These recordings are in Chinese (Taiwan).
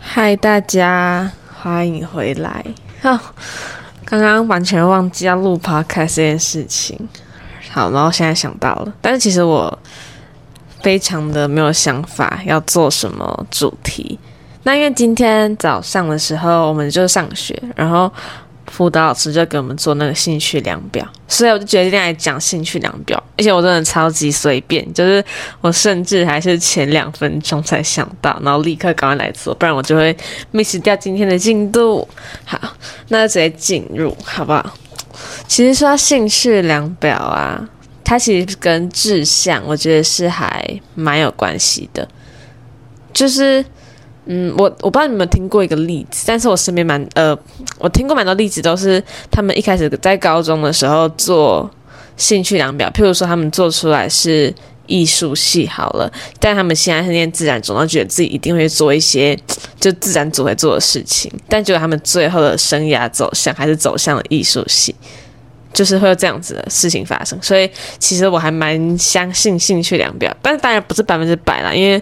嗨，大家歡迎回來！剛、哦、剛剛完全忘記要錄 podcast 這件事情。好，然後現在想到了，但是其實我非常的沒有想法要做什麼主題。那因為今天早上的時候，我們就上學，然後。輔導老師就給我們做那個興趣量表，所以我就決定今天來講興趣量表，而且我真的超級隨便，就是我甚至還是前兩分鐘才想到，然後立刻趕快來做，不然我就會 miss 掉今天的進度。好，那直接進入，好不好？其實說到興趣量表啊，它其實跟志向，我覺得是還蠻有關係的，就是。嗯，我我不知道你們有沒有聽過一個例子，但是我身邊蠻呃，我聽過蠻多例子，都是他們一開始在高中的時候做興趣量表，譬如說他們做出來是藝術系好了，但他們現在是念自然組，然後覺得自己一定會做一些就自然組會做的事情，但結果他們最後的生涯走向還是走向了藝術系，就是會有這樣子的事情發生，所以其實我還蠻相信興趣量表，但是當然不是百分之百啦，因為。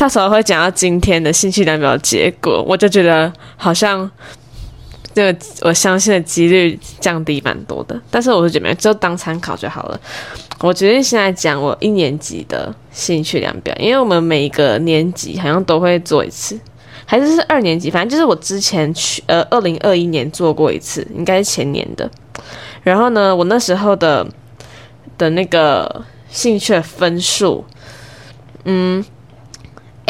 到時候會講到今天的興趣量表結果，我就覺得好像這個我相信的幾率降低蠻多的。但是我是覺得就當參考就好了。我決定現在講我一年級的興趣量表，因為我們每一個年級好像都會做一次，還是是二年級，反正就是我之前去呃二零二一年做過一次，應該是前年的。然後呢，我那時候的的那個興趣分數，嗯。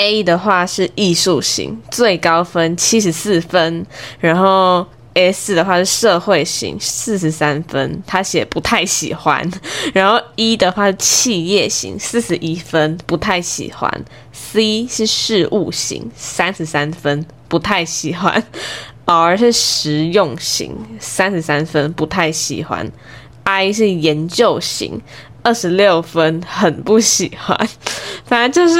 A 的話是藝術型，最高分七十四分。然後 S 的話是社會型，四十三分，他寫不太喜歡。然後 E 的話是企業型，四十一分，不太喜歡。C 是事務型，三十三分，不太喜歡。R 是實用型，三十三分，不太喜歡。I 是研究型。二十六分，很不喜歡，反正就是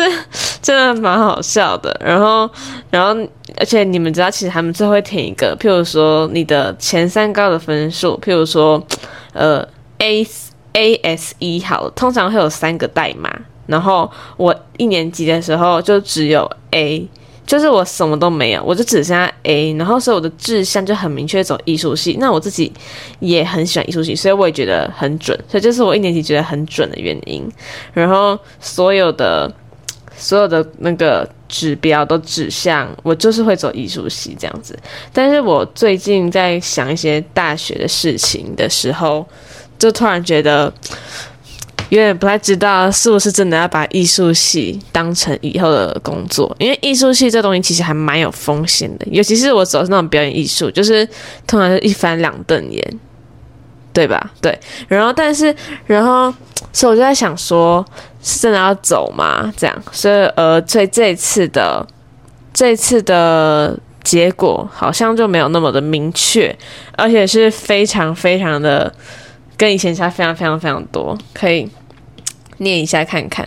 真的蠻好笑的。然後，然後，而且你們知道，其實他們最後會填一個，譬如說你的前三高的分數，譬如說呃 A A S E，好，通常會有三個代碼。然後我一年級的時候就只有 A，就是我什麼都沒有，我就指向 A，然後所以我的志向就很明確走藝術系。那我自己也很喜歡藝術系，所以我也覺得很準。所以就是我一年級覺得很準的原因。然後所有的所有的那個指標都指向我就是會走藝術系這樣子。但是我最近在想一些大學的事情的時候，就突然覺得。有點不太知道是不是真的要把藝術系當成以後的工作，因為藝術系這東西其實還蠻有風險的，尤其是我走的是那種表演藝術，就是通常是一翻兩瞪眼，對吧？對。然後，但是，然後，所以我就在想說，說是真的要走嗎？這樣，所以，呃，這這一次的，這次的結果好像就沒有那麼的明確，而且是非常非常的跟以前差非常非常非常多，可以。念一下看看，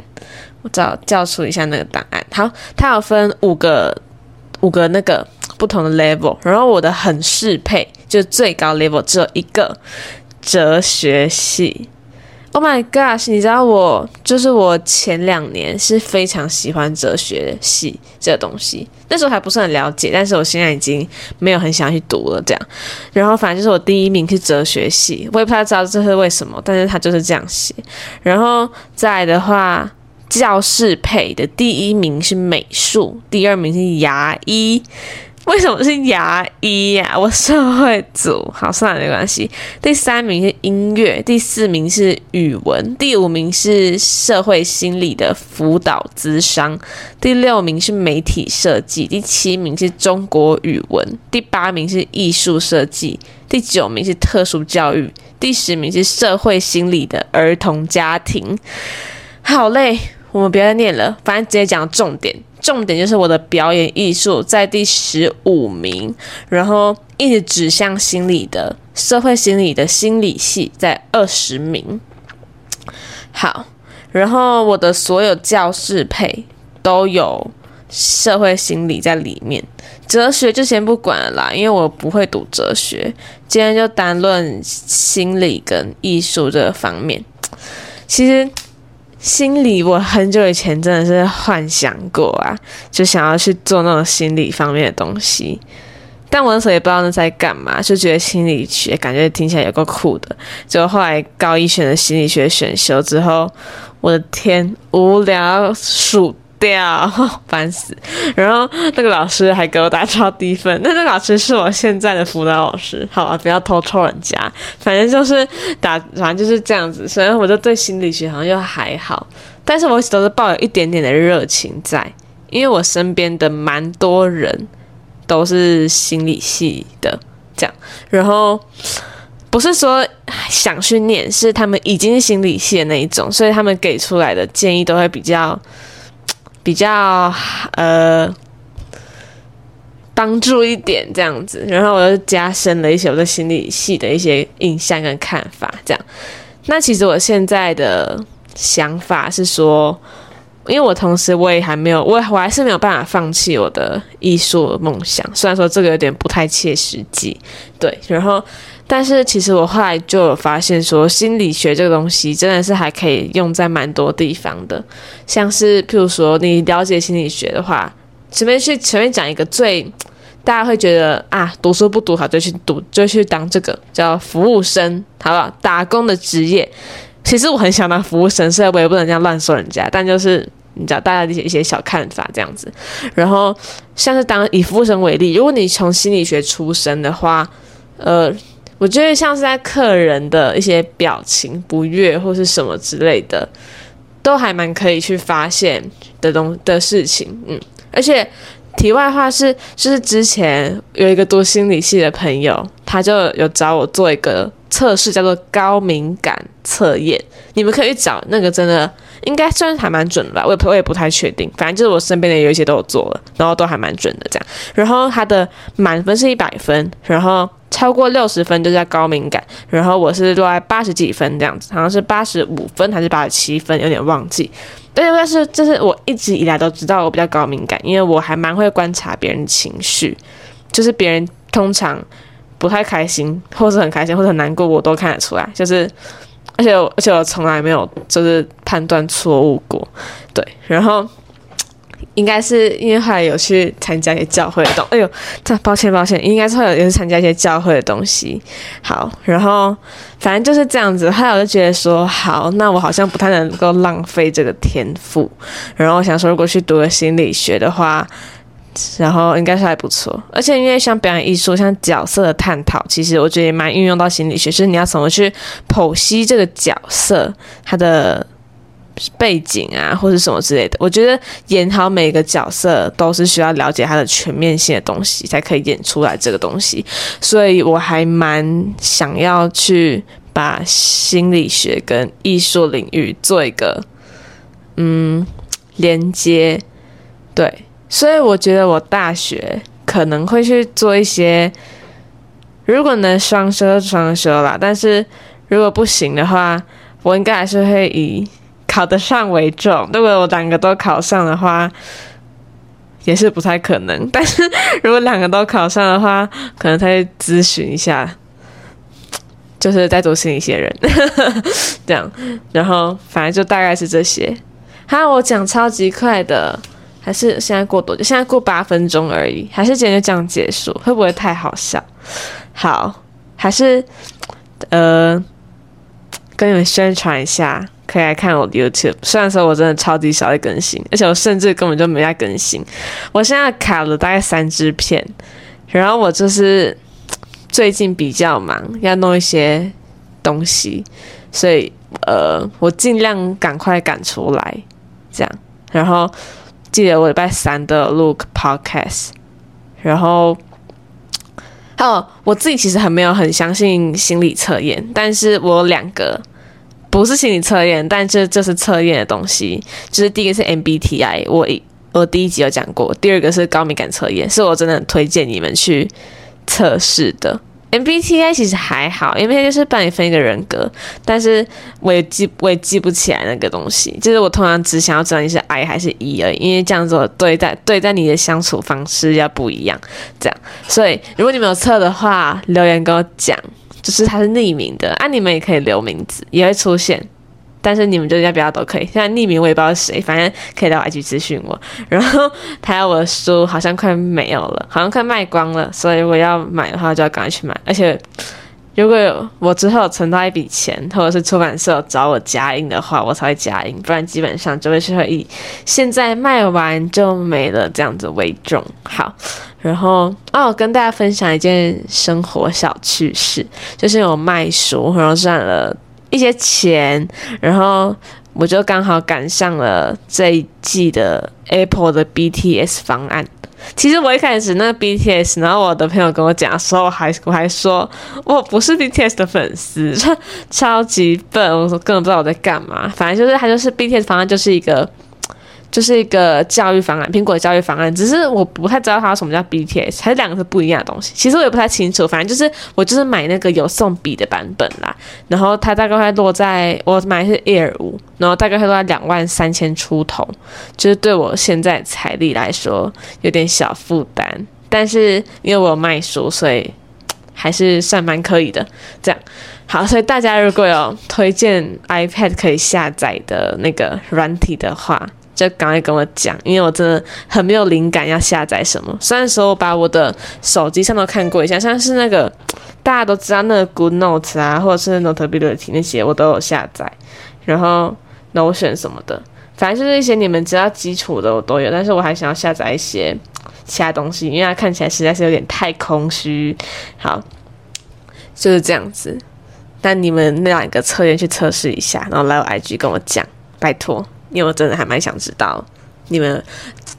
我找叫出一下那個檔案。好，它有分五個五個那個不同的 level，然後我的很適配，就最高 level 只有一個哲學系。Oh my gosh！你知道，我就是我前兩年是非常喜歡哲學的系這個東西，那時候還不是很了解，但是我現在已經沒有很想去讀了這樣。然後反正就是我第一名是哲學系，我也不太知道這是為什麼，但是他就是這樣寫。然後再來的話，教室配的第一名是美術，第二名是牙醫。為什麼是牙醫呀？啊？我社會組，好，算了，沒關係。第三名是音樂，第四名是語文，第五名是社會心理的輔導諮商，第六名是媒體設計，第七名是中國語文，第八名是藝術設計，第九名是特殊教育，第十名是社會心理的兒童家庭。好嘞，我們不要再念了，反正直接講重點。重點就是我的表演藝術在第十五名，然後一直指向心理的，社會心理的心理系在二十名。好，然後我的所有科系都都有社會心理在裡面，哲學就先不管了啦，因為我不會讀哲學，今天就單論心理跟藝術這方面。其實。心理，我很久以前真的是幻想過啊，就想要去做那種心理方面的東西，但我那時候也不知道那在幹嘛，就覺得心理學感覺聽起來有夠酷的。就後來高一選了心理學選修之後，我的天，無聊數。掉，煩死！然後那個老師還給我打超低分，那那個老師是我現在的輔導老師。好啊，不要偷偷人家。反正就是打，反正就是這樣子。所以我就對心理學好像又還好，但是我都是抱有一點點的熱情在，因為我身邊的蠻多人都是心理系的，這樣。然後不是說想去念，是他們已經是心理系的那一種，所以他們給出來的建議都會比較。比較呃幫助一點這樣子，然後我又加深了一些我的心理系的一些印象跟看法。這樣，那其實我現在的想法是說。因為我同時我也還沒有，我我還是沒有辦法放棄我的藝術的夢想，雖然說這個有點不太切實際，對。然後，但是其實我後來就有發現說，心理學這個東西真的是還可以用在蠻多地方的，像是譬如說你了解心理學的話，前面是前面講一個最大家會覺得啊，讀書不讀好就去讀就去當這個叫服務生，好不好？打工的職業。其實我很想當服務生，雖然我也不能這樣亂說人家，但就是你知道大家的一些小看法這樣子。然後像是當以服務生為例，如果你從心理學出身的話，呃，我覺得像是在客人的一些表情不悅或是什麼之類的，都還蠻可以去發現的東的事情。嗯，而且題外話是，就是之前有一個讀心理系的朋友，他就有找我做一個。測試叫做高敏感測驗，你們可以找那個，真的應該算是還蠻準的吧，我也不我也不太確定。反正就是我身邊的有一些都有做了，然後都還蠻準的這樣。然後它的滿分是一百分，然後超過六十分就叫高敏感。然後我是落在八十幾分這樣子，好像是八十五分還是八十七分，有點忘記。但是就是就是我一直以來都知道我比較高敏感，因為我還蠻會觀察別人情緒，就是別人通常。不太開心，或是很開心，或者很難過，我都看得出來。就是，而且而且我從來沒有就是判斷錯誤過，對。然後應該是因為後來有去參加一些教會的東西，哎呦，這抱歉抱歉，應該是後來也是參加一些教會的東西。好，然後反正就是這樣子。後來我就覺得說，好，那我好像不太能夠浪費這個天賦。然後我想說，如果去讀個心理學的話。然後應該是還不錯，而且因為像表演藝術，像角色的探討，其實我覺得也蠻運用到心理學，就是你要怎麼去剖析這個角色他的背景啊，或是什麼之類的。我覺得演好每個角色都是需要了解他的全面性的東西，才可以演出來這個東西。所以我還蠻想要去把心理學跟藝術領域做一個嗯連接，對。所以我覺得我大學可能會去做一些，如果能雙修就雙修啦，但是如果不行的話，我應該還是會以考得上為重。如果我兩個都考上的話，也是不太可能。但是如果兩個都考上的話，可能再諮詢一下，就是再多信一些人 這樣。然後反正就大概是這些。哈，我講超級快的。還是現在過多久？現在過八分鐘而已。還是今天就這樣結束？會不會太好笑？好，還是呃，跟你們宣傳一下，可以來看我的 YouTube。雖然說我真的超級少在更新，而且我甚至根本就沒在更新。我現在卡了大概三支片，然後我就是最近比較忙，要弄一些東西，所以呃，我盡量趕快趕出來這樣，然後。記得我禮拜三的 Look Podcast，然後還有我自己其實還沒有很相信心理測驗，但是我有兩個不是心理測驗，但這這、就是測驗的東西，就是第一個是 MBTI，我我第一集有講過，第二個是高敏感測驗，是我真的很推薦你們去測試的。MBTI 其實還好，MBTI 就是幫你分一個人格，但是我也記我也記不起來那個東西，就是我通常只想要知道你是 I 還是 E 而已，因為這樣做對待對待你的相處方式要不一樣，這樣。所以如果你沒有測的話，留言跟我講，就是它是匿名的，啊你們也可以留名字，也會出現。但是你們就人家比較都可以，現在匿名我也不知道是誰，反正可以到 IG 諮詢我。然後他要我的書好像快沒有了，好像快賣光了，所以我要買的話就要趕快去買。而且如果有我之後存到一筆錢，或者是出版社找我加印的話，我才會加印，不然基本上就會是會以現在賣完就沒了這樣子為重。好，然後哦，跟大家分享一件生活小趣事，就是我賣書然後賺了，一些錢，然後我就剛好趕上了這一季的 Apple 的 BTS 方案。其實我一開始那 BTS，然後我的朋友跟我講的時候，我還我還說我不是 BTS 的粉絲，超級笨，我根本不知道我在幹嘛。反正就是他就是 BTS 方案就是一個。就是一個教育方案，蘋果的教育方案，只是我不太知道它有什麼叫 BTS，還是兩個是不一樣的東西，其實我也不太清楚。反正就是我就是買那個有送筆的版本啦，然後它大概會落在我買的是 Air 五，然後大概會落在兩萬三千出頭，就是對我現在財力來說有點小負擔，但是因為我有賣書，所以還是算蠻可以的。這樣好，所以大家如果有推薦 iPad 可以下載的那個軟體的話。就趕快跟我講，因為我真的很沒有靈感要下載什麼。雖然說我把我的手機上都看過一下，像是那個大家都知道那個 Good Notes 啊，或者是 Notability 那些我都有下載，然後 Notion 什麼的，反正就是一些你們知道基礎的我都有。但是我還想要下載一些其他東西，因為它看起來實在是有點太空虛。好，就是這樣子。但你們那兩個測驗去測試一下，然後來我 IG 跟我講，拜托。因為我真的還蠻想知道，你們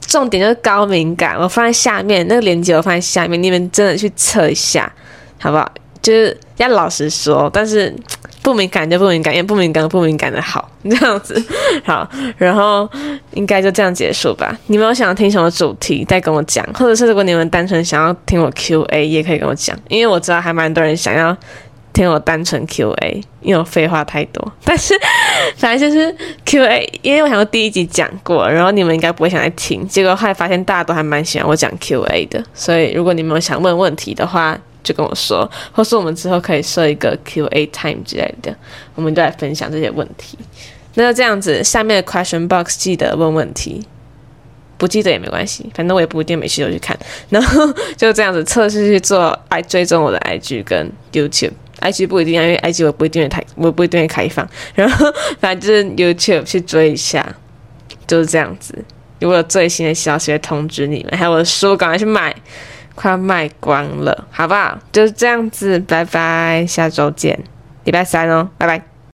重點就是高敏感，我放在下面那個鏈接，我放在下面，你們真的去測一下，好不好？就是要老實說，但是不敏感就不敏感，因為不敏感不敏感的好，這樣子好。然後應該就這樣結束吧。你們有想要聽什麼主題，再跟我講，或者是如果你們單純想要聽我 QA，也可以跟我講，因為我知道還蠻多人想要。聽我單純 Q A，因為我廢話太多，但是反正就是 Q A，因為我想說第一集講過，然後你們應該不會想來聽，結果後來發現大家都還蠻喜歡我講 Q A 的，所以如果你們有想問問題的話，就跟我說，或是我們之後可以設一個 Q A time 之類的，我們就來分享這些問題。那就這樣子，下面的 Question Box 記得問問題，不記得也沒關係，反正我也不一定每期都去看。然後就這樣子測試去做，I 追蹤我的 IG 跟 YouTube。IG 不一定啊，因為 IG 我不一定會開，我不一定會開放。然後反正就是 YouTube 去追一下，就是這樣子。如果有最新的消息會通知你們，還有我的書，我趕快去買，快要賣光了，好不好？就是這樣子，拜拜，下週見，禮拜三哦，拜拜。